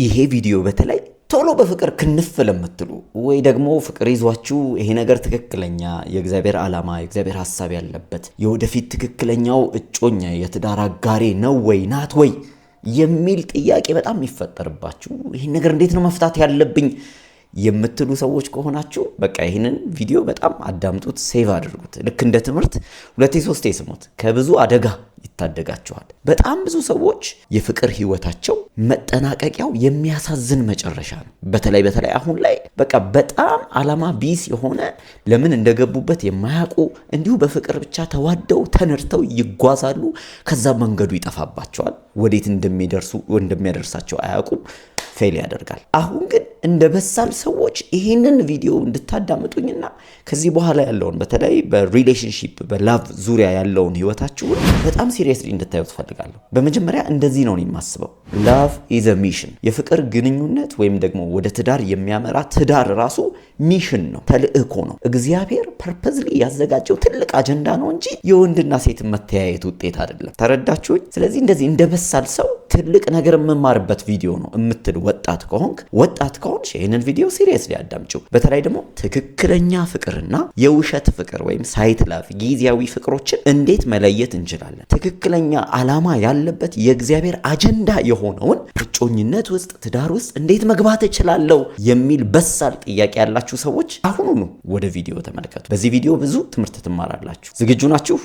ይሄ ቪዲዮ በተለይ ቶሎ በፍቅር ክንፍ ለምትሉ ወይ ደግሞ ፍቅር ይዟችሁ ይሄ ነገር ትክክለኛ የእግዚአብሔር ዓላማ የእግዚአብሔር ሀሳብ ያለበት የወደፊት ትክክለኛው እጮኛ የትዳር አጋሬ ነው ወይ ናት ወይ የሚል ጥያቄ በጣም የሚፈጠርባችሁ ይህን ነገር እንዴት ነው መፍታት ያለብኝ የምትሉ ሰዎች ከሆናችሁ በቃ ይህንን ቪዲዮ በጣም አዳምጡት፣ ሴቭ አድርጉት። ልክ እንደ ትምህርት ሁለቴ ሶስቴ ስሙት፣ ከብዙ አደጋ ይታደጋችኋል። በጣም ብዙ ሰዎች የፍቅር ህይወታቸው መጠናቀቂያው የሚያሳዝን መጨረሻ ነው። በተለይ በተለይ አሁን ላይ በቃ በጣም አላማ ቢስ የሆነ ለምን እንደገቡበት የማያውቁ እንዲሁ በፍቅር ብቻ ተዋደው ተነድተው ይጓዛሉ። ከዛ መንገዱ ይጠፋባቸዋል። ወዴት እንደሚደርሱ እንደሚያደርሳቸው አያውቁም። ፌል ያደርጋል። አሁን ግን እንደ በሳል ሰዎች ይህንን ቪዲዮ እንድታዳምጡኝና ከዚህ በኋላ ያለውን በተለይ በሪሌሽንሽፕ በላቭ ዙሪያ ያለውን ህይወታችሁን በጣም ሲሪየስሊ እንድታዩ ትፈልጋለሁ። በመጀመሪያ እንደዚህ ነው የማስበው፣ ላቭ ኢዘ ሚሽን። የፍቅር ግንኙነት ወይም ደግሞ ወደ ትዳር የሚያመራ ትዳር ራሱ ሚሽን ነው፣ ተልእኮ ነው። እግዚአብሔር ፐርፐዝሊ ያዘጋጀው ትልቅ አጀንዳ ነው እንጂ የወንድና ሴት መተያየት ውጤት አይደለም። ተረዳችሁኝ? ስለዚህ እንደዚህ እንደ በሳል ሰው ትልቅ ነገር የምማርበት ቪዲዮ ነው የምትል ወጣት ከሆንክ ወጣት ከሆ ከሆንሽ ይህንን ቪዲዮ ሲሪየስ ሊያዳምጪው። በተለይ ደግሞ ትክክለኛ ፍቅርና የውሸት ፍቅር ወይም ሳይት ላፍ ጊዜያዊ ፍቅሮችን እንዴት መለየት እንችላለን? ትክክለኛ ዓላማ ያለበት የእግዚአብሔር አጀንዳ የሆነውን እጮኝነት ውስጥ ትዳር ውስጥ እንዴት መግባት እችላለሁ የሚል በሳል ጥያቄ ያላችሁ ሰዎች አሁኑኑ ወደ ቪዲዮ ተመልከቱ። በዚህ ቪዲዮ ብዙ ትምህርት ትማራላችሁ። ዝግጁ ናችሁ?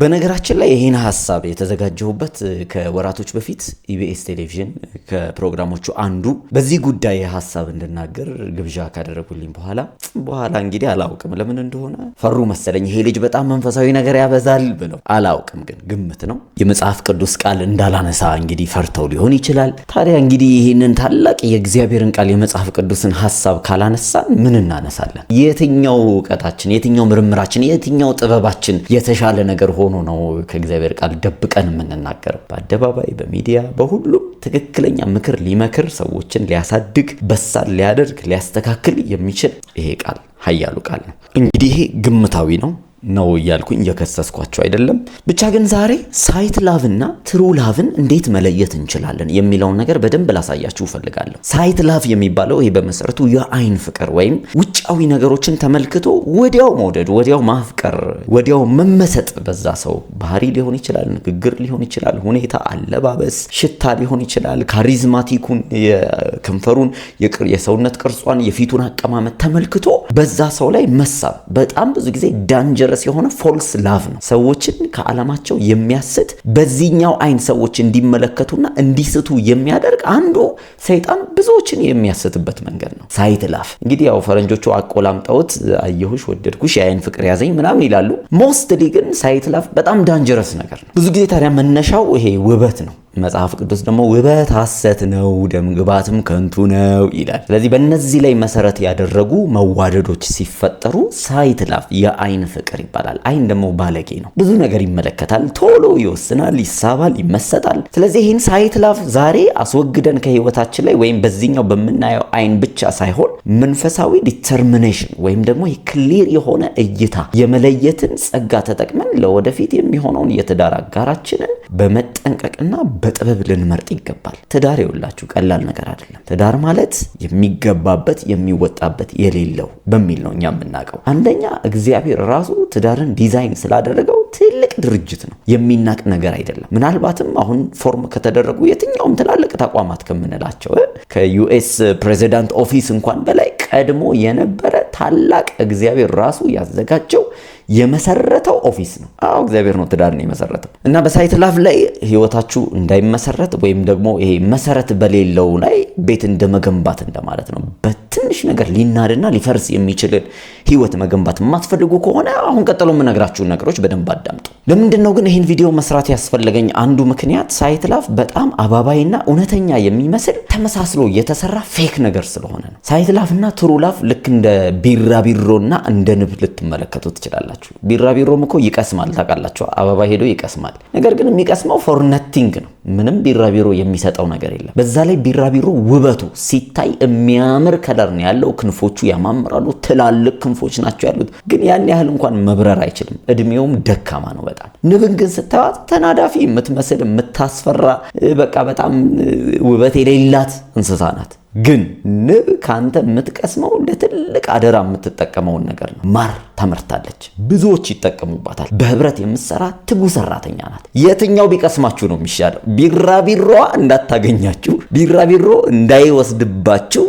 በነገራችን ላይ ይህን ሀሳብ የተዘጋጀሁበት ከወራቶች በፊት ኢቢኤስ ቴሌቪዥን ከፕሮግራሞቹ አንዱ በዚህ ጉዳይ ሀሳብ እንድናገር ግብዣ ካደረጉልኝ በኋላ በኋላ እንግዲህ አላውቅም ለምን እንደሆነ ፈሩ መሰለኝ። ይሄ ልጅ በጣም መንፈሳዊ ነገር ያበዛል ብለው አላውቅም፣ ግን ግምት ነው። የመጽሐፍ ቅዱስ ቃል እንዳላነሳ እንግዲህ ፈርተው ሊሆን ይችላል። ታዲያ እንግዲህ ይህንን ታላቅ የእግዚአብሔርን ቃል የመጽሐፍ ቅዱስን ሀሳብ ካላነሳን ምን እናነሳለን? የትኛው እውቀታችን፣ የትኛው ምርምራችን፣ የትኛው ጥበባችን የተሻለ ነገር ሆ ሆኖ ነው ከእግዚአብሔር ቃል ደብቀን የምንናገረው። በአደባባይ በሚዲያ በሁሉም ትክክለኛ ምክር ሊመክር ሰዎችን ሊያሳድግ በሳል ሊያደርግ ሊያስተካክል የሚችል ይሄ ቃል ኃያሉ ቃል ነው። እንግዲህ ይሄ ግምታዊ ነው ነው እያልኩኝ እየከሰስኳቸው አይደለም። ብቻ ግን ዛሬ ሳይት ላቭና ትሩ ላቭን እንዴት መለየት እንችላለን የሚለውን ነገር በደንብ ላሳያችሁ እፈልጋለሁ። ሳይት ላቭ የሚባለው ይሄ በመሰረቱ የአይን ፍቅር ወይም ውጭ ውስጣዊ ነገሮችን ተመልክቶ ወዲያው መውደድ፣ ወዲያው ማፍቀር፣ ወዲያው መመሰጥ በዛ ሰው ባህሪ ሊሆን ይችላል፣ ንግግር ሊሆን ይችላል፣ ሁኔታ፣ አለባበስ፣ ሽታ ሊሆን ይችላል። ካሪዝማቲኩን፣ የከንፈሩን፣ የሰውነት ቅርጿን፣ የፊቱን አቀማመጥ ተመልክቶ በዛ ሰው ላይ መሳብ በጣም ብዙ ጊዜ ዳንጀረስ የሆነ ፎልስ ላቭ ነው። ሰዎችን ከዓላማቸው የሚያስት በዚህኛው አይን ሰዎች እንዲመለከቱና እንዲስቱ የሚያደርግ አንዱ ሰይጣን ብዙዎችን የሚያስትበት መንገድ ነው። ሳይት ላፍ እንግዲህ ያው ፈረንጆቹ አቆላምጠውት አየሁሽ፣ ወደድኩሽ፣ የአይን ፍቅር ያዘኝ ምናምን ይላሉ። ሞስትሊ ግን ሳይት ላፍ በጣም ዳንጀረስ ነገር ነው። ብዙ ጊዜ ታዲያ መነሻው ይሄ ውበት ነው። መጽሐፍ ቅዱስ ደግሞ ውበት ሐሰት ነው፣ ደምግባትም ከንቱ ነው ይላል። ስለዚህ በእነዚህ ላይ መሰረት ያደረጉ መዋደዶች ሲፈጠሩ ሳይት ላፍ የአይን ፍቅር ይባላል። አይን ደግሞ ባለጌ ነው። ብዙ ነገር ይመለከታል፣ ቶሎ ይወስናል፣ ይሳባል፣ ይመሰጣል። ስለዚህ ይህን ሳይት ላፍ ዛሬ አስወግደን ከህይወታችን ላይ ወይም በዚህኛው በምናየው አይን ብቻ ሳይሆን መንፈሳዊ ዲተርሚኔሽን ወይም ደግሞ ክሊር የሆነ እይታ የመለየትን ጸጋ ተጠቅመን ለወደፊት የሚሆነውን የትዳር አጋራችንን በመጠንቀቅና በ በጥበብ ልንመርጥ ይገባል። ትዳር የውላችሁ ቀላል ነገር አይደለም። ትዳር ማለት የሚገባበት የሚወጣበት የሌለው በሚል ነው እኛ የምናውቀው። አንደኛ እግዚአብሔር ራሱ ትዳርን ዲዛይን ስላደረገው ትልቅ ድርጅት ነው፣ የሚናቅ ነገር አይደለም። ምናልባትም አሁን ፎርም ከተደረጉ የትኛውም ትላልቅ ተቋማት ከምንላቸው ከዩኤስ ፕሬዚዳንት ኦፊስ እንኳን በላይ ቀድሞ የነበረ ታላቅ እግዚአብሔር ራሱ ያዘጋጀው የመሰረተው ኦፊስ ነው። አዎ እግዚአብሔር ነው ነው የመሰረተው እና በሳይት ላፍ ላይ ህይወታችሁ እንዳይመሰረት ወይም ደግሞ ይሄ መሰረት በሌለው ላይ ቤት እንደ መገንባት እንደማለት ነው። በትንሽ ነገር ሊናድና ሊፈርስ የሚችልን ህይወት መገንባት የማትፈልጉ ከሆነ አሁን ቀጥሎ የምነግራችሁን ነገሮች በደንብ አዳምጡ። ለምንድን ነው ግን ይህን ቪዲዮ መስራት ያስፈለገኝ አንዱ ምክንያት ሳይት ላፍ በጣም አባባይና እውነተኛ የሚመስል ተመሳስሎ የተሰራ ፌክ ነገር ስለሆነ ነው። ሳይት እና ትሩ ላፍ ልክ እንደ ቢራቢሮና እንደ ንብ ልትመለከቱ ትችላላችሁ። ቢራቢሮም እኮ ይቀስማል ታውቃላችሁ፣ አበባ ሄዶ ይቀስማል። ነገር ግን የሚቀስመው ፎር ነቲንግ ነው። ምንም ቢራቢሮ የሚሰጠው ነገር የለም። በዛ ላይ ቢራቢሮ ውበቱ ሲታይ የሚያምር ከለር ነው ያለው። ክንፎቹ ያማምራሉ። ትላልቅ ክንፎች ናቸው ያሉት። ግን ያን ያህል እንኳን መብረር አይችልም። እድሜውም ደካማ ነው በጣም። ንብን ግን ስታዩት ተናዳፊ የምትመስል የምታስፈራ፣ በቃ በጣም ውበት የሌላት እንስሳ ናት። ግን ንብ ከአንተ የምትቀስመው ለትልቅ አደራ የምትጠቀመውን ነገር ነው። ማር ታመርታለች፣ ብዙዎች ይጠቀሙባታል። በህብረት የምትሰራ ትጉህ ሰራተኛ ናት። የትኛው ቢቀስማችሁ ነው የሚሻለው? ቢራቢሮዋ እንዳታገኛችሁ፣ ቢራቢሮ እንዳይወስድባችሁ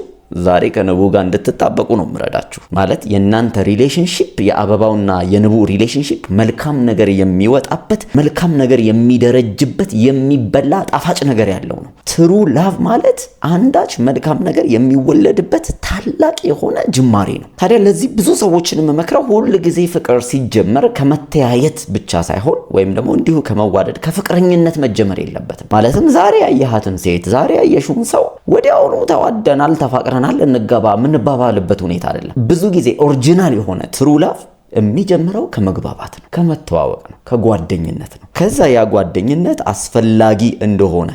ዛሬ ከንቡ ጋር እንድትጣበቁ ነው የምረዳችሁ። ማለት የእናንተ ሪሌሽንሽፕ የአበባውና የንቡ ሪሌሽንሽፕ መልካም ነገር የሚወጣበት መልካም ነገር የሚደረጅበት የሚበላ ጣፋጭ ነገር ያለው ነው። ትሩ ላቭ ማለት አንዳች መልካም ነገር የሚወለድበት ታላቅ የሆነ ጅማሬ ነው። ታዲያ ለዚህ ብዙ ሰዎችን የምመክረው ሁል ጊዜ ፍቅር ሲጀመር ከመተያየት ብቻ ሳይሆን ወይም ደግሞ እንዲሁ ከመዋደድ ከፍቅረኝነት መጀመር የለበትም። ማለትም ዛሬ ያየሃትን ሴት ዛሬ ያየሽውን ሰው ወዲያውኑ ተዋደናል፣ ተፋቅረናል፣ እንገባ የምንባባልበት ሁኔታ አይደለም። ብዙ ጊዜ ኦሪጂናል የሆነ ትሩ ላቭ የሚጀምረው ከመግባባት ነው፣ ከመተዋወቅ ነው፣ ከጓደኝነት ነው። ከዛ ያ ጓደኝነት አስፈላጊ እንደሆነ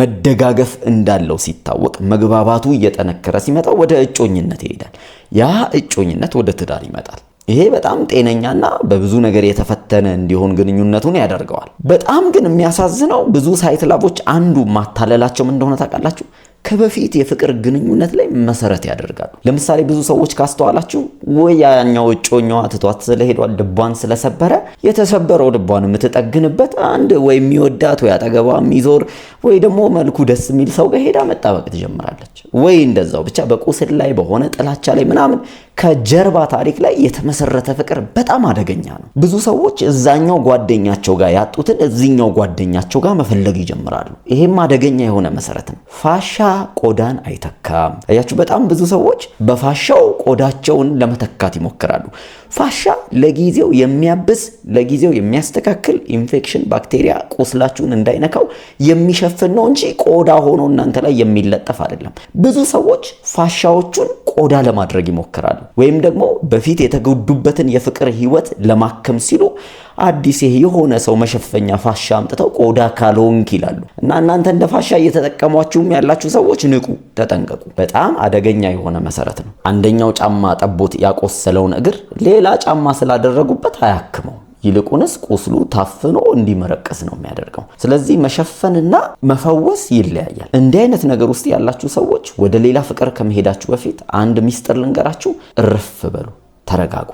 መደጋገፍ እንዳለው ሲታወቅ መግባባቱ እየጠነከረ ሲመጣ ወደ እጮኝነት ይሄዳል። ያ እጮኝነት ወደ ትዳር ይመጣል። ይሄ በጣም ጤነኛና በብዙ ነገር የተፈተነ እንዲሆን ግንኙነቱን ያደርገዋል። በጣም ግን የሚያሳዝነው ብዙ ሳይት ላቦች አንዱ ማታለላቸውም እንደሆነ ታውቃላችሁ ከበፊት የፍቅር ግንኙነት ላይ መሰረት ያደርጋሉ። ለምሳሌ ብዙ ሰዎች ካስተዋላችሁ ወያኛው እጮኛዋ ትቷት ስለሄዷል ልቧን ስለሰበረ የተሰበረው ልቧን የምትጠግንበት አንድ ወይ የሚወዳት ወይ አጠገቧ የሚዞር ወይ ደግሞ መልኩ ደስ የሚል ሰው ጋር ሄዳ መጣበቅ ትጀምራለች። ወይ እንደዛው ብቻ በቁስል ላይ በሆነ ጥላቻ ላይ ምናምን ከጀርባ ታሪክ ላይ የተመሰረተ ፍቅር በጣም አደገኛ ነው። ብዙ ሰዎች እዛኛው ጓደኛቸው ጋር ያጡትን እዚኛው ጓደኛቸው ጋር መፈለግ ይጀምራሉ። ይሄም አደገኛ የሆነ መሰረት ነው። ፋሻ ቆዳን አይተካም። አያችሁ፣ በጣም ብዙ ሰዎች በፋሻው ቆዳቸውን ለመ ለመተካት ይሞክራሉ። ፋሻ ለጊዜው የሚያብስ ለጊዜው የሚያስተካክል ኢንፌክሽን ባክቴሪያ ቁስላችሁን እንዳይነካው የሚሸፍን ነው እንጂ ቆዳ ሆኖ እናንተ ላይ የሚለጠፍ አይደለም። ብዙ ሰዎች ፋሻዎቹን ቆዳ ለማድረግ ይሞክራሉ ወይም ደግሞ በፊት የተጎዱበትን የፍቅር ህይወት ለማከም ሲሉ አዲስ ይሄ የሆነ ሰው መሸፈኛ ፋሻ አምጥተው ቆዳ ካሎንክ ይላሉ እና እናንተ እንደ ፋሻ እየተጠቀሟችሁም ያላችሁ ሰዎች ንቁ፣ ተጠንቀቁ። በጣም አደገኛ የሆነ መሰረት ነው። አንደኛው ጫማ ጠቦት ያቆሰለውን እግር ሌላ ጫማ ስላደረጉበት አያክመው። ይልቁንስ ቁስሉ ታፍኖ እንዲመረቀስ ነው የሚያደርገው። ስለዚህ መሸፈንና መፈወስ ይለያያል። እንዲህ አይነት ነገር ውስጥ ያላችሁ ሰዎች ወደ ሌላ ፍቅር ከመሄዳችሁ በፊት አንድ ሚስጥር ልንገራችሁ። እርፍ በሉ፣ ተረጋጉ።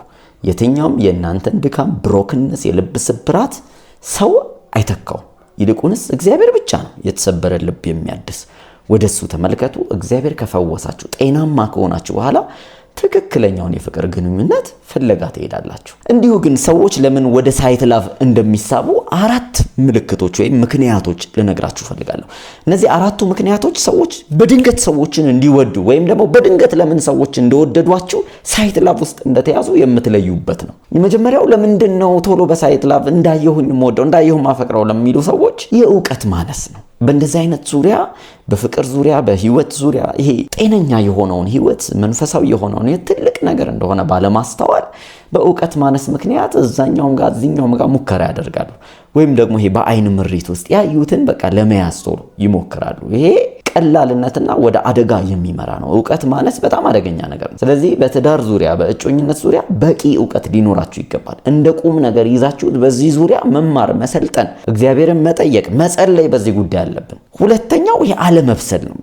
የትኛውም የእናንተን ድካም፣ ብሮክንነስ፣ የልብ ስብራት ሰው አይተካውም። ይልቁንስ እግዚአብሔር ብቻ ነው የተሰበረ ልብ የሚያድስ። ወደሱ ተመልከቱ። እግዚአብሔር ከፈወሳችሁ ጤናማ ከሆናችሁ በኋላ ትክክለኛውን የፍቅር ግንኙነት ፍለጋ ትሄዳላችሁ። እንዲሁ ግን ሰዎች ለምን ወደ ሳይት ላቭ እንደሚሳቡ አራት ምልክቶች ወይም ምክንያቶች ልነግራችሁ ፈልጋለሁ። እነዚህ አራቱ ምክንያቶች ሰዎች በድንገት ሰዎችን እንዲወዱ ወይም ደግሞ በድንገት ለምን ሰዎች እንደወደዷችሁ ሳይት ላቭ ውስጥ እንደተያዙ የምትለዩበት ነው። የመጀመሪያው ለምንድን ነው ቶሎ በሳይት ላቭ እንዳየሁኝ ወደው እንዳየሁ ማፈቅረው ለሚሉ ሰዎች የእውቀት ማነስ ነው። በእንደዚህ አይነት ዙሪያ በፍቅር ዙሪያ በህይወት ዙሪያ ይሄ ጤነኛ የሆነውን ህይወት መንፈሳዊ የሆነውን ትልቅ ነገር እንደሆነ ባለማስተዋል በእውቀት ማነስ ምክንያት እዛኛውም ጋር እዚኛውም ጋር ሙከራ ያደርጋሉ። ወይም ደግሞ ይሄ በአይን ምሪት ውስጥ ያዩትን በቃ ለመያዝ ቶሎ ይሞክራሉ። ይሄ ቀላልነትና ወደ አደጋ የሚመራ ነው። እውቀት ማነስ በጣም አደገኛ ነገር ነው። ስለዚህ በትዳር ዙሪያ፣ በእጮኝነት ዙሪያ በቂ እውቀት ሊኖራችሁ ይገባል። እንደ ቁም ነገር ይዛችሁት በዚህ ዙሪያ መማር፣ መሰልጠን፣ እግዚአብሔርን መጠየቅ፣ መጸለይ በዚህ ጉዳይ አለብን። ሁለተኛው የአለመብሰል ነው።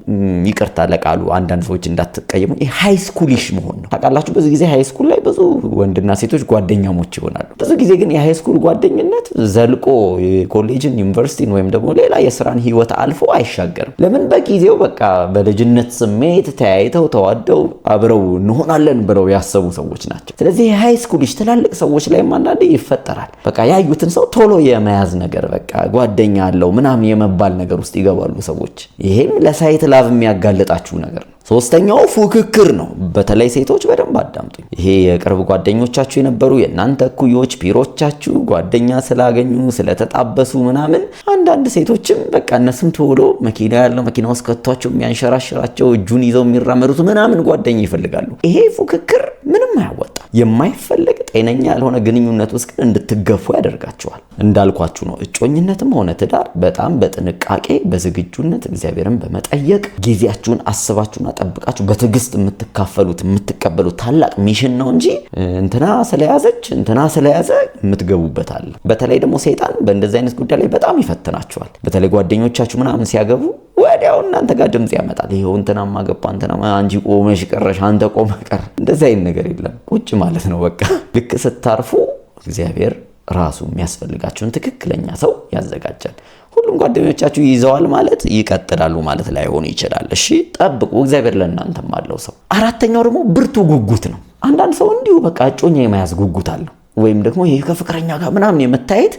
ይቅርታ ለቃሉ አንዳንድ ሰዎች እንዳትቀየሙ፣ ሃይስኩሊሽ መሆን ነው። ታውቃላችሁ፣ ብዙ ጊዜ ሃይስኩል ላይ ብዙ ወንድና ሴቶች ጓደኛሞች ይሆናሉ። ብዙ ጊዜ ግን የሃይስኩል ጓደኝነት ዘልቆ የኮሌጅን ዩኒቨርሲቲን፣ ወይም ደግሞ ሌላ የስራን ህይወት አልፎ አይሻገርም። ለምን በቂ ጊዜው በቃ በልጅነት ስሜት ተያይተው ተዋደው አብረው እንሆናለን ብለው ያሰቡ ሰዎች ናቸው። ስለዚህ የሃይ ስኩል ትላልቅ ሰዎች ላይ አንዳንዴ ይፈጠራል። በቃ ያዩትን ሰው ቶሎ የመያዝ ነገር በቃ ጓደኛ አለው ምናምን የመባል ነገር ውስጥ ይገባሉ ሰዎች። ይሄም ለሳይት ላቭ የሚያጋልጣችሁ ነገር ነው። ሶስተኛው ፉክክር ነው። በተለይ ሴቶች በደንብ አዳምጡ ይሄ የቅርብ ጓደኞቻችሁ የነበሩ የእናንተ እኩዮች፣ ፒሮቻችሁ ጓደኛ ስላገኙ ስለተጣበሱ ምናምን አንዳንድ ሴቶችም በቃ እነሱም ተወሎ መኪና ያለው መኪና ውስጥ ከቷቸው የሚያንሸራሽራቸው እጁን ይዘው የሚራመዱት ምናምን ጓደኛ ይፈልጋሉ። ይሄ ፉክክር ምንም አያወጣ የማይፈለግ ጤነኛ ያልሆነ ግንኙነት ውስጥ ግን እንድትገፉ ያደርጋችኋል። እንዳልኳችሁ ነው። እጮኝነትም ሆነ ትዳር በጣም በጥንቃቄ በዝግጁነት እግዚአብሔርን በመጠየቅ ጊዜያችሁን አስባችሁና ጠብቃችሁ በትዕግስት የምትካፈሉት የምትቀበሉት ታላቅ ሚሽን ነው እንጂ እንትና ስለያዘች እንትና ስለያዘ የምትገቡበታል። በተለይ ደግሞ ሰይጣን በእንደዚህ አይነት ጉዳይ ላይ በጣም ይፈትናችኋል። በተለይ ጓደኞቻችሁ ምናምን ሲያገቡ ወዲያው እናንተ ጋር ድምፅ ያመጣል። ይኸው እንትና ማገባ እንትና አንቺ ቆመሽ ቀረሽ፣ አንተ ቆመ ቀር እንደዚህ አይነት ነገር የለም ቁጭ ማለት ነው። በቃ ልክ ስታርፉ እግዚአብሔር ራሱ የሚያስፈልጋቸውን ትክክለኛ ሰው ያዘጋጃል። ሁሉም ጓደኞቻችሁ ይዘዋል ማለት ይቀጥላሉ ማለት ላይሆን ይችላል። እሺ ጠብቁ፣ እግዚአብሔር ለእናንተም አለው ሰው። አራተኛው ደግሞ ብርቱ ጉጉት ነው። አንዳንድ ሰው እንዲሁ በቃ እጮኛ የመያዝ ጉጉት አለው፣ ወይም ደግሞ ይህ ከፍቅረኛ ጋር ምናምን የመታየት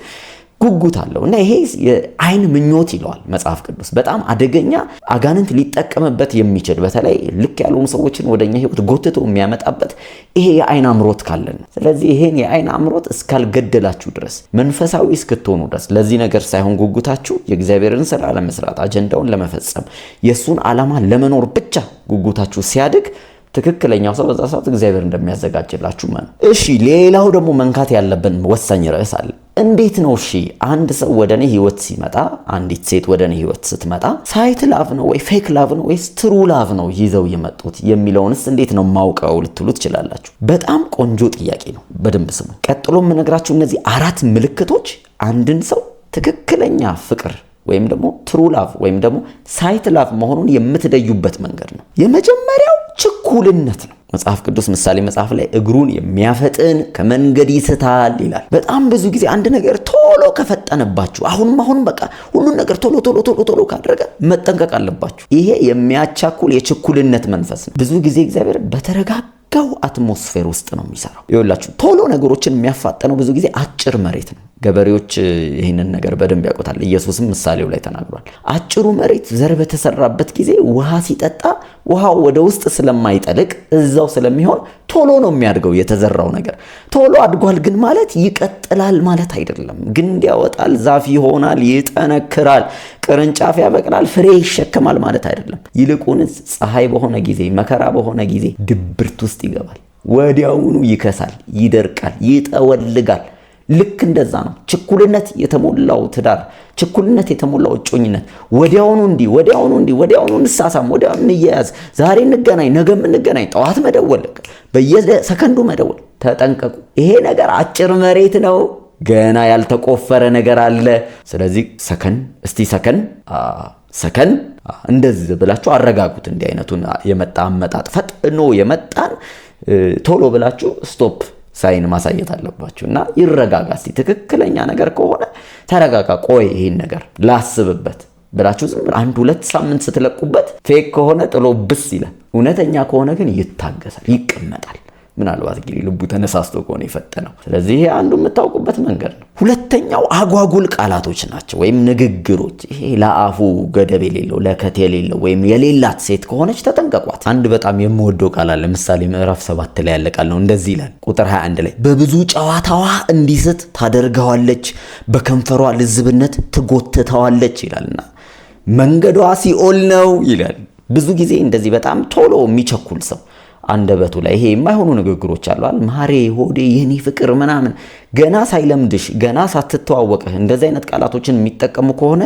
ጉጉት አለው እና ይሄ የአይን ምኞት ይለዋል መጽሐፍ ቅዱስ። በጣም አደገኛ አጋንንት ሊጠቀምበት የሚችል በተለይ ልክ ያልሆኑ ሰዎችን ወደኛ ህይወት ጎትቶ የሚያመጣበት ይሄ የአይን አምሮት ካለን። ስለዚህ ይሄን የአይን አምሮት እስካልገደላችሁ ድረስ መንፈሳዊ እስክትሆኑ ድረስ ለዚህ ነገር ሳይሆን ጉጉታችሁ የእግዚአብሔርን ስራ ለመስራት አጀንዳውን ለመፈጸም የእሱን ዓላማ ለመኖር ብቻ ጉጉታችሁ ሲያድግ ትክክለኛው ሰው በዛ ሰዓት እግዚአብሔር እንደሚያዘጋጅላችሁ መኑ። እሺ ሌላው ደግሞ መንካት ያለብን ወሳኝ ርዕስ አለ። እንዴት ነው እሺ አንድ ሰው ወደ እኔ ህይወት ሲመጣ አንዲት ሴት ወደ እኔ ህይወት ስትመጣ ሳይት ላቭ ነው ወይ ፌክ ላቭ ነው ወይስ ትሩ ላቭ ነው ይዘው የመጡት የሚለውንስ እንዴት ነው ማውቀው ልትሉ ትችላላችሁ። በጣም ቆንጆ ጥያቄ ነው። በደንብ ስሙ። ቀጥሎ የምነግራችሁ እነዚህ አራት ምልክቶች አንድን ሰው ትክክለኛ ፍቅር ወይም ደግሞ ትሩ ላቭ ወይም ደግሞ ሳይት ላቭ መሆኑን የምትለዩበት መንገድ ነው። የመጀመሪያው ችኩልነት ነው። መጽሐፍ ቅዱስ ምሳሌ መጽሐፍ ላይ እግሩን የሚያፈጥን ከመንገድ ይስታል ይላል። በጣም ብዙ ጊዜ አንድ ነገር ቶሎ ከፈጠነባችሁ፣ አሁንም አሁን በቃ ሁሉን ነገር ቶሎ ቶሎ ቶሎ ቶሎ ካደረገ መጠንቀቅ አለባችሁ። ይሄ የሚያቻኩል የችኩልነት መንፈስ ነው። ብዙ ጊዜ እግዚአብሔር በተረጋ በተረጋጋው አትሞስፌር ውስጥ ነው የሚሰራው። ይወላችሁ ቶሎ ነገሮችን የሚያፋጠነው ብዙ ጊዜ አጭር መሬት ነው። ገበሬዎች ይህንን ነገር በደንብ ያውቁታል። ኢየሱስም ምሳሌው ላይ ተናግሯል። አጭሩ መሬት ዘር በተሰራበት ጊዜ ውሃ ሲጠጣ ውሃው ወደ ውስጥ ስለማይጠልቅ እዛው ስለሚሆን ቶሎ ነው የሚያድገው። የተዘራው ነገር ቶሎ አድጓል ግን ማለት ይቀጥላል ማለት አይደለም። ግንድ ያወጣል፣ ዛፍ ይሆናል፣ ይጠነክራል። ቅርንጫፍ ያበቅላል፣ ፍሬ ይሸከማል ማለት አይደለም። ይልቁንስ ፀሐይ በሆነ ጊዜ፣ መከራ በሆነ ጊዜ ድብርት ውስጥ ይገባል። ወዲያውኑ ይከሳል፣ ይደርቃል፣ ይጠወልጋል። ልክ እንደዛ ነው። ችኩልነት የተሞላው ትዳር፣ ችኩልነት የተሞላው እጮኝነት ወዲያውኑ እንዲህ ወዲያውኑ እንዲህ ወዲያውኑ እንሳሳም፣ ወዲያውኑ እንያያዝ፣ ዛሬ እንገናኝ፣ ነገ እንገናኝ፣ ጠዋት መደወል፣ በየሰከንዱ መደወል። ተጠንቀቁ። ይሄ ነገር አጭር መሬት ነው። ገና ያልተቆፈረ ነገር አለ። ስለዚህ ሰከን እስቲ ሰከን ሰከን እንደዚህ ብላችሁ አረጋጉት። እንዲህ አይነቱን የመጣ አመጣጥ ፈጥኖ የመጣን ቶሎ ብላችሁ ስቶፕ ሳይን ማሳየት አለባችሁ እና ይረጋጋ እስቲ ትክክለኛ ነገር ከሆነ ተረጋጋ፣ ቆይ ይህን ነገር ላስብበት ብላችሁ ዝም አንድ ሁለት ሳምንት ስትለቁበት ፌክ ከሆነ ጥሎ ብስ ይላል። እውነተኛ ከሆነ ግን ይታገሳል፣ ይቀመጣል። ምናልባት እንግዲህ ልቡ ተነሳስቶ ከሆነ የፈጠነው። ስለዚህ ይሄ አንዱ የምታውቁበት መንገድ ነው። ሁለተኛው አጓጉል ቃላቶች ናቸው ወይም ንግግሮች። ይሄ ለአፉ ገደብ የሌለው ለከት የሌለው ወይም የሌላት ሴት ከሆነች ተጠንቀቋት። አንድ በጣም የምወደው ቃል አለ። ምሳሌ ምዕራፍ ሰባት ላይ ያለ ነው። እንደዚህ ይላል ቁጥር 21 ላይ በብዙ ጨዋታዋ እንዲስት ታደርገዋለች፣ በከንፈሯ ልዝብነት ትጎትተዋለች ይላልና መንገዷ ሲኦል ነው ይላል። ብዙ ጊዜ እንደዚህ በጣም ቶሎ የሚቸኩል ሰው አንደበቱ ላይ ይሄ የማይሆኑ ንግግሮች አሏል። ማሬ ሆዴ፣ የኔ ፍቅር ምናምን ገና ሳይለምድሽ ገና ሳትተዋወቅህ እንደዚህ አይነት ቃላቶችን የሚጠቀሙ ከሆነ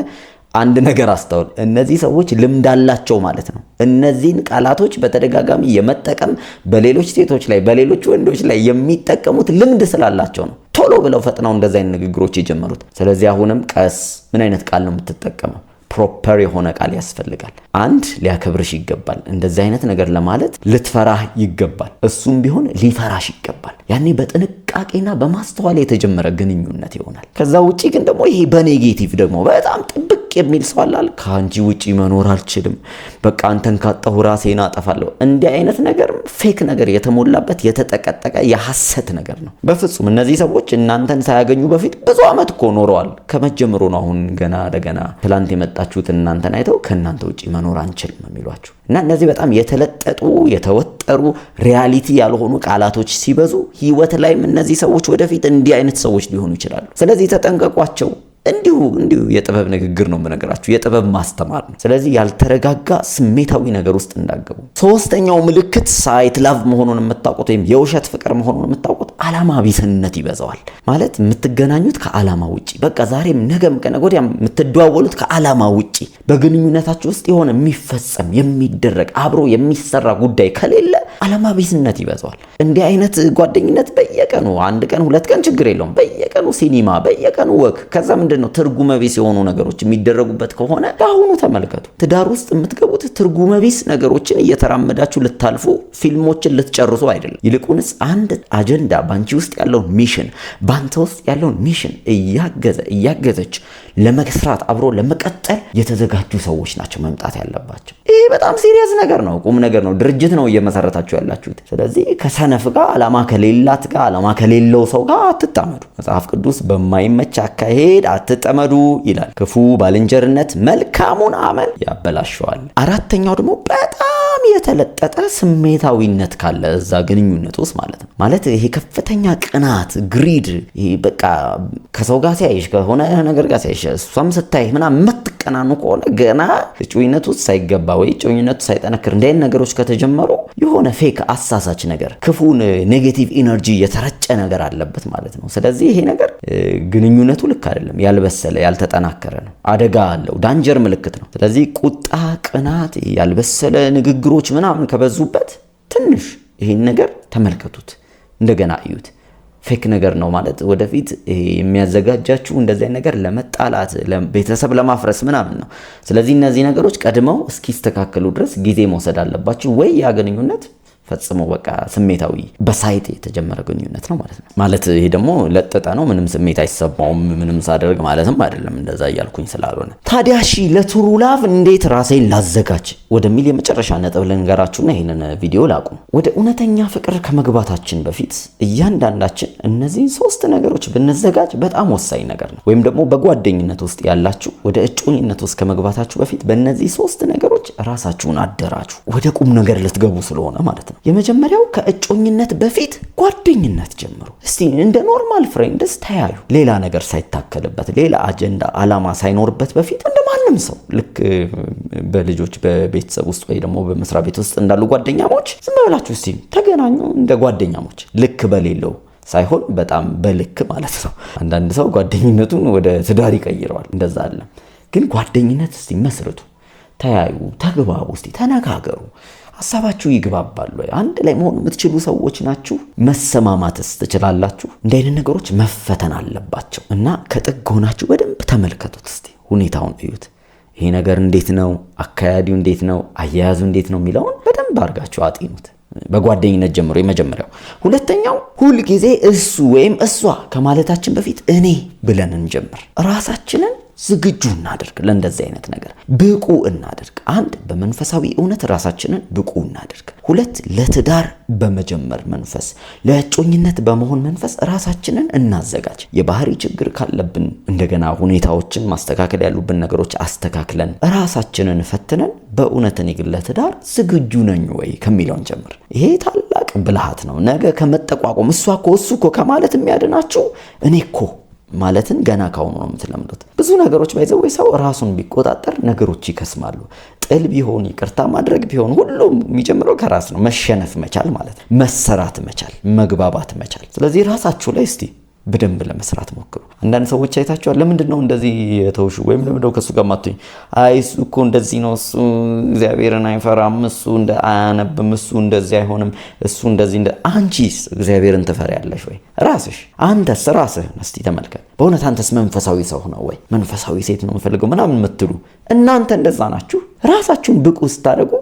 አንድ ነገር አስተውል። እነዚህ ሰዎች ልምድ አላቸው ማለት ነው። እነዚህን ቃላቶች በተደጋጋሚ የመጠቀም በሌሎች ሴቶች ላይ በሌሎች ወንዶች ላይ የሚጠቀሙት ልምድ ስላላቸው ነው ቶሎ ብለው ፈጥነው እንደዚህ አይነት ንግግሮች የጀመሩት። ስለዚህ አሁንም ቀስ ምን አይነት ቃል ነው የምትጠቀመው? ፕሮፐር የሆነ ቃል ያስፈልጋል። አንድ ሊያከብርሽ ይገባል። እንደዚህ አይነት ነገር ለማለት ልትፈራህ ይገባል። እሱም ቢሆን ሊፈራሽ ይገባል። ያኔ በጥንቃቄና በማስተዋል የተጀመረ ግንኙነት ይሆናል። ከዛ ውጭ ግን ደግሞ ይሄ በኔጌቲቭ ደግሞ በጣም የሚል ሰው አላል። ከአንቺ ውጪ መኖር አልችልም፣ በቃ አንተን ካጣሁ ራሴን አጠፋለሁ። እንዲህ አይነት ነገር ፌክ ነገር የተሞላበት የተጠቀጠቀ የሐሰት ነገር ነው። በፍጹም እነዚህ ሰዎች እናንተን ሳያገኙ በፊት ብዙ ዓመት እኮ ኖረዋል። ከመጀመሩ ነው። አሁን ገና ለገና ትላንት የመጣችሁት እናንተን አይተው ከእናንተ ውጪ መኖር አንችልም የሚሏችሁ። እና እነዚህ በጣም የተለጠጡ የተወጠሩ ሪያሊቲ ያልሆኑ ቃላቶች ሲበዙ ህይወት ላይም እነዚህ ሰዎች ወደፊት እንዲህ አይነት ሰዎች ሊሆኑ ይችላሉ። ስለዚህ ተጠንቀቋቸው። እንዲሁ እንዲሁ የጥበብ ንግግር ነው የምነግራችሁ፣ የጥበብ ማስተማር ነው። ስለዚህ ያልተረጋጋ ስሜታዊ ነገር ውስጥ እንዳገቡ። ሶስተኛው ምልክት ሳይት ላቭ መሆኑን የምታውቁት ወይም የውሸት ፍቅር መሆኑን የምታውቁት አላማ ቢስነት ይበዛዋል። ማለት የምትገናኙት ከአላማ ውጭ፣ በቃ ዛሬም ነገም ከነገ የምትደዋወሉት ከአላማ ውጭ፣ በግንኙነታችሁ ውስጥ የሆነ የሚፈጸም የሚደረግ አብሮ የሚሰራ ጉዳይ ከሌለ አላማ ቢስነት ይበዛዋል። እንዲህ አይነት ጓደኝነት በየቀኑ አንድ ቀን ሁለት ቀን ችግር የለውም፣ በየቀኑ ሲኒማ፣ በየቀኑ ወግ ከዛ ምንድን ነው ትርጉመ ቢስ የሆኑ ነገሮች የሚደረጉበት ከሆነ በአሁኑ ተመልከቱ። ትዳር ውስጥ የምትገቡት ትርጉመ ቢስ ነገሮችን እየተራመዳችሁ ልታልፉ ፊልሞችን ልትጨርሱ አይደለም። ይልቁንስ አንድ አጀንዳ፣ በአንቺ ውስጥ ያለውን ሚሽን፣ በአንተ ውስጥ ያለውን ሚሽን እያገዘ እያገዘች ለመስራት አብሮ ለመቀጠል የተዘጋጁ ሰዎች ናቸው መምጣት ያለባቸው። ይሄ በጣም ሲሪየስ ነገር ነው፣ ቁም ነገር ነው። ድርጅት ነው እየመሰረታችሁ ያላችሁት። ስለዚህ ከሰነፍ ጋር አላማ ከሌላት ጋር አላማ ከሌለው ሰው ጋር አትጣመዱ። መጽሐፍ ቅዱስ በማይመች አካሄድ አትጠመዱ ይላል። ክፉ ባልንጀርነት መልካሙን አመል ያበላሸዋል። አራተኛው ደግሞ በጣም የተለጠጠ ስሜታዊነት ካለ እዛ ግንኙነት ውስጥ ማለት ነው። ማለት ይሄ ከፍተኛ ቅናት፣ ግሪድ፣ በቃ ከሰው ጋር ሲያይሽ ከሆነ ነገር ጋር ሲያይሽ እሷም ስታይ ምናምን የምትቀናኑ ከሆነ ገና እጩኝነት ውስጥ ሳይገባ ወይ እጩኝነቱ ሳይጠነክር እንዲህ ነገሮች ከተጀመሩ የሆነ ፌክ አሳሳች ነገር፣ ክፉን ኔጌቲቭ ኢነርጂ የተረጨ ነገር አለበት ማለት ነው። ስለዚህ ይሄ ነገር ግንኙነቱ ልክ አይደለም፣ ያልበሰለ ያልተጠናከረ ነው። አደጋ አለው። ዳንጀር ምልክት ነው። ስለዚህ ቁጣ፣ ቅናት፣ ያልበሰለ ንግግሩ ችግሮች ምናምን ከበዙበት ትንሽ ይሄን ነገር ተመልከቱት፣ እንደገና እዩት። ፌክ ነገር ነው ማለት ወደፊት የሚያዘጋጃችሁ እንደዚህ ነገር ለመጣላት ቤተሰብ ለማፍረስ ምናምን ነው። ስለዚህ እነዚህ ነገሮች ቀድመው እስኪስተካከሉ ድረስ ጊዜ መውሰድ አለባችሁ ወይ ያ ግንኙነት ፈጽሞ በቃ ስሜታዊ በሳይት የተጀመረ ግንኙነት ነው ማለት ነው። ማለት ይሄ ደግሞ ለጠጠ ነው፣ ምንም ስሜት አይሰማውም ምንም ሳደርግ ማለትም አይደለም፣ እንደዛ እያልኩኝ ስላልሆነ። ታዲያ ሺ ለቱሩ ላቭ እንዴት ራሴን ላዘጋጅ ወደሚል የመጨረሻ ነጥብ ልንገራችሁና ይህንን ቪዲዮ ላቁም። ወደ እውነተኛ ፍቅር ከመግባታችን በፊት እያንዳንዳችን እነዚህን ሶስት ነገሮች ብንዘጋጅ በጣም ወሳኝ ነገር ነው። ወይም ደግሞ በጓደኝነት ውስጥ ያላችሁ ወደ እጮኝነት ውስጥ ከመግባታችሁ በፊት በእነዚህ ሶስት ነገሮች ራሳችሁን አደራችሁ፣ ወደ ቁም ነገር ልትገቡ ስለሆነ ማለት ነው። ነው። የመጀመሪያው ከእጮኝነት በፊት ጓደኝነት ጀምሩ። እስቲ እንደ ኖርማል ፍሬንድስ ተያዩ። ሌላ ነገር ሳይታከልበት፣ ሌላ አጀንዳ አላማ ሳይኖርበት በፊት እንደ ማንም ሰው ልክ በልጆች በቤተሰብ ውስጥ ወይ ደግሞ በመስሪያ ቤት ውስጥ እንዳሉ ጓደኛሞች ዝም ብላችሁ እስቲ ተገናኙ። እንደ ጓደኛሞች ልክ በሌለው ሳይሆን በጣም በልክ ማለት ነው። አንዳንድ ሰው ጓደኝነቱን ወደ ትዳር ይቀይረዋል። እንደዛ አለ። ግን ጓደኝነት እስቲ መስርቱ። ተያዩ፣ ተግባቡ፣ እስቲ ተነጋገሩ። ሀሳባችሁ ይግባባሉ? አንድ ላይ መሆኑ የምትችሉ ሰዎች ናችሁ? መሰማማትስ ትችላላችሁ? እንዲህ አይነት ነገሮች መፈተን አለባቸው እና ከጥግ ሆናችሁ በደንብ ተመልከቱት። እስቲ ሁኔታውን እዩት። ይሄ ነገር እንዴት ነው? አካያዲው እንዴት ነው? አያያዙ እንዴት ነው የሚለውን በደንብ አድርጋችሁ አጢኑት። በጓደኝነት ጀምሮ የመጀመሪያው። ሁለተኛው ሁል ጊዜ እሱ ወይም እሷ ከማለታችን በፊት እኔ ብለን እንጀምር። ራሳችንን ዝግጁ እናደርግ፣ ለእንደዚህ አይነት ነገር ብቁ እናደርግ። አንድ በመንፈሳዊ እውነት ራሳችንን ብቁ እናደርግ። ሁለት ለትዳር በመጀመር መንፈስ፣ ለእጮኝነት በመሆን መንፈስ ራሳችንን እናዘጋጅ። የባህሪ ችግር ካለብን እንደገና ሁኔታዎችን ማስተካከል ያሉብን ነገሮች አስተካክለን ራሳችንን ፈትነን በእውነት እኔ ግን ለትዳር ዝግጁ ነኝ ወይ ከሚለውን ጀምር። ይሄ ታላቅ ብልሃት ነው። ነገ ከመጠቋቆም እሷ እኮ እሱ እኮ ከማለት የሚያድናችሁ እኔ እኮ ማለትን ገና ካሁኑ ነው የምትለምዱት። ብዙ ነገሮች ባይዘው ሰው ራሱን ቢቆጣጠር ነገሮች ይከስማሉ። ጥል ቢሆን ይቅርታ ማድረግ ቢሆን ሁሉም የሚጀምረው ከራስ ነው። መሸነፍ መቻል ማለት ነው፣ መሰራት መቻል፣ መግባባት መቻል። ስለዚህ ራሳችሁ ላይ እስቲ በደንብ ለመስራት ሞክሩ። አንዳንድ ሰዎች አይታችኋል። ለምንድን ነው እንደዚህ የተውሹ ወይም ለምንድነው ከእሱ ጋር ማቱኝ አይ እሱ እኮ እንደዚህ ነው፣ እሱ እግዚአብሔርን አይፈራም፣ እሱ አያነብም፣ እሱ እንደዚህ አይሆንም፣ እሱ እንደዚህ። አንቺስ እግዚአብሔርን ትፈሪያለሽ ወይ? ራስሽ አንተስ ራስህን እስቲ ተመልከት። በእውነት አንተስ መንፈሳዊ ሰው ነው ወይ? መንፈሳዊ ሴት ነው የምፈልገው ምናምን የምትሉ እናንተ እንደዛ ናችሁ? ራሳችሁን ብቁ ስታደርጉ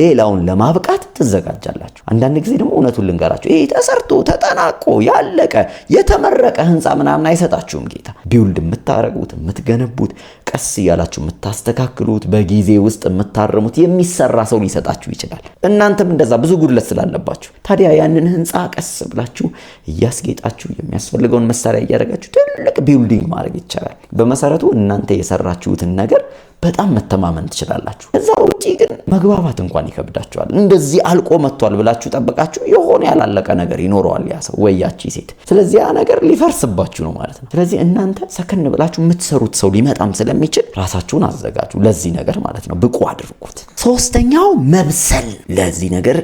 ሌላውን ለማብቃት ትዘጋጃላችሁ። አንዳንድ ጊዜ ደግሞ እውነቱን ልንገራችሁ፣ ይሄ ተሰርቶ ተጠናቆ ያለቀ የተመረቀ ህንፃ ምናምን አይሰጣችሁም ጌታ። ቢውልድ የምታረጉት የምትገነቡት፣ ቀስ እያላችሁ የምታስተካክሉት፣ በጊዜ ውስጥ የምታርሙት የሚሰራ ሰው ሊሰጣችሁ ይችላል። እናንተም እንደዛ ብዙ ጉድለት ስላለባችሁ ታዲያ ያንን ህንፃ ቀስ ብላችሁ እያስጌጣችሁ የሚያስፈልገውን መሳሪያ እያደረጋችሁ ትልቅ ቢውልዲንግ ማድረግ ይቻላል። በመሰረቱ እናንተ የሰራችሁትን ነገር በጣም መተማመን ትችላላችሁ። ከዛ ውጪ ግን መግባባት እንኳን ይከብዳቸዋል። እንደዚህ አልቆ መጥቷል ብላችሁ ጠብቃችሁ የሆነ ያላለቀ ነገር ይኖረዋል ያ ሰው ወይ ያቺ ሴት። ስለዚህ ያ ነገር ሊፈርስባችሁ ነው ማለት ነው። ስለዚህ እናንተ ሰከን ብላችሁ የምትሰሩት ሰው ሊመጣም ስለሚችል ራሳችሁን አዘጋጁ፣ ለዚህ ነገር ማለት ነው። ብቁ አድርጉት። ሶስተኛው መብሰል። ለዚህ ነገር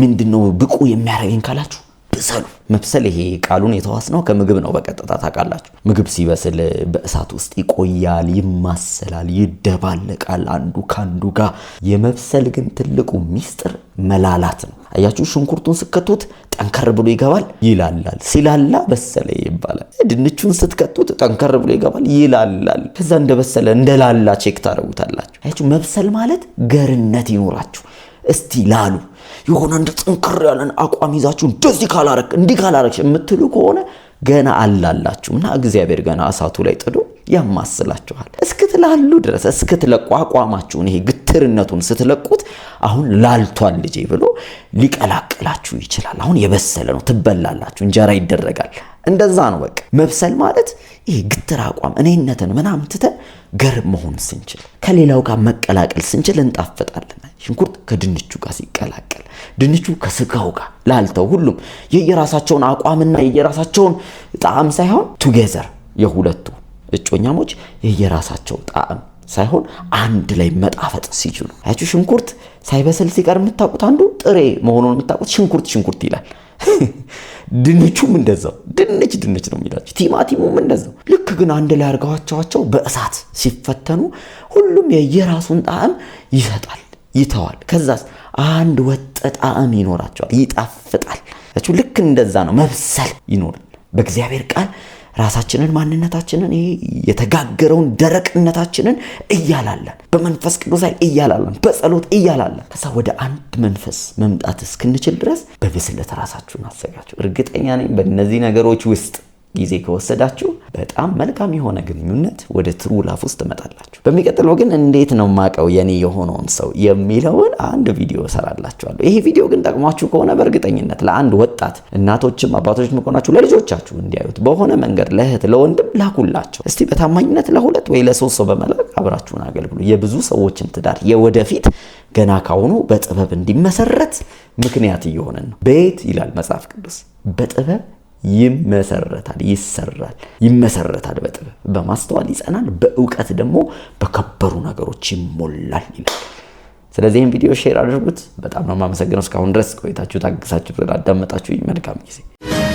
ምንድነው ብቁ የሚያደርገኝ ካላችሁ መብሰሉ መብሰል ይሄ ቃሉን የተዋስነው ከምግብ ነው። በቀጥታ ታውቃላችሁ፣ ምግብ ሲበስል በእሳት ውስጥ ይቆያል፣ ይማሰላል፣ ይደባለቃል አንዱ ከአንዱ ጋር። የመብሰል ግን ትልቁ ሚስጥር መላላት ነው። አያችሁ፣ ሽንኩርቱን ስከቱት ጠንከር ብሎ ይገባል፣ ይላላል። ሲላላ በሰለ ይባላል። ድንቹን ስትከቱት ጠንከር ብሎ ይገባል፣ ይላላል። ከዛ እንደበሰለ እንደላላ ቼክ ታደርጉታላችሁ። አያችሁ፣ መብሰል ማለት ገርነት ይኖራችሁ እስቲ ላሉ የሆነ እንደ ጥንክር ያለን አቋም ይዛችሁ እንደዚህ ካላረግ እንዲህ ካላረግ የምትሉ ከሆነ ገና አላላችሁም እና እግዚአብሔር ገና እሳቱ ላይ ጥዶ ያማስላችኋል። እስክትላሉ ድረስ እስክትለቁ አቋማችሁን ይሄ ግትርነቱን ስትለቁት አሁን ላልቷል ልጄ ብሎ ሊቀላቅላችሁ ይችላል። አሁን የበሰለ ነው፣ ትበላላችሁ፣ እንጀራ ይደረጋል። እንደዛ ነው በቃ መብሰል ማለት ይህ ግትር አቋም እኔነትን ምናምን ትተን ገር መሆን ስንችል ከሌላው ጋር መቀላቀል ስንችል እንጣፈጣለን። ሽንኩርት ከድንቹ ጋር ሲቀላቀል፣ ድንቹ ከስጋው ጋር ላልተው፣ ሁሉም የየራሳቸውን አቋምና የየራሳቸውን ጣዕም ሳይሆን ቱጌዘር የሁለቱ እጮኛሞች የየራሳቸው ጣዕም ሳይሆን አንድ ላይ መጣፈጥ ሲችሉ ያችሁ ሽንኩርት ሳይበስል ሲቀር የምታውቁት አንዱ ጥሬ መሆኑን የምታውቁት ሽንኩርት ሽንኩርት ይላል። ድንቹም እንደዛው ድንች ድንች ነው የሚላቸው። ቲማቲሙም እንደዛው ልክ ግን አንድ ላይ አርገዋቸዋቸው በእሳት ሲፈተኑ ሁሉም የየራሱን ጣዕም ይሰጣል፣ ይተዋል። ከዛስ አንድ ወጥ ጣዕም ይኖራቸዋል፣ ይጣፍጣል። ልክ እንደዛ ነው መብሰል ይኖራል በእግዚአብሔር ቃል ራሳችንን ማንነታችንን ይሄ የተጋገረውን ደረቅነታችንን እያላለን በመንፈስ ቅዱስ ላይ እያላለን በጸሎት እያላለን ከዛ ወደ አንድ መንፈስ መምጣት እስክንችል ድረስ በብስለት ራሳችሁን አዘጋጁ። እርግጠኛ ነኝ በእነዚህ ነገሮች ውስጥ ጊዜ ከወሰዳችሁ በጣም መልካም የሆነ ግንኙነት ወደ ትሩ ላፍ ውስጥ ትመጣላችሁ። በሚቀጥለው ግን እንዴት ነው ማቀው የኔ የሆነውን ሰው የሚለውን አንድ ቪዲዮ እሰራላችኋለሁ። ይሄ ቪዲዮ ግን ጠቅሟችሁ ከሆነ በእርግጠኝነት ለአንድ ወጣት እናቶችም አባቶች መሆናችሁ ለልጆቻችሁ እንዲያዩት በሆነ መንገድ ለእህት ለወንድም ላኩላቸው። እስቲ በታማኝነት ለሁለት ወይ ለሶስት ሰው በመላክ አብራችሁን አገልግሉ። የብዙ ሰዎችን ትዳር የወደፊት ገና ካሁኑ በጥበብ እንዲመሰረት ምክንያት እየሆነን ነው። ቤት ይላል መጽሐፍ ቅዱስ በጥበብ ይመሰረታል፣ ይሰራል፣ ይመሰረታል በጥበብ በማስተዋል ይጸናል፣ በእውቀት ደግሞ በከበሩ ነገሮች ይሞላል ይላል። ስለዚህ ይህን ቪዲዮ ሼር አድርጉት። በጣም ነው የማመሰግነው። እስካሁን ድረስ ቆይታችሁ ታግሳችሁ አዳመጣችሁ። መልካም ጊዜ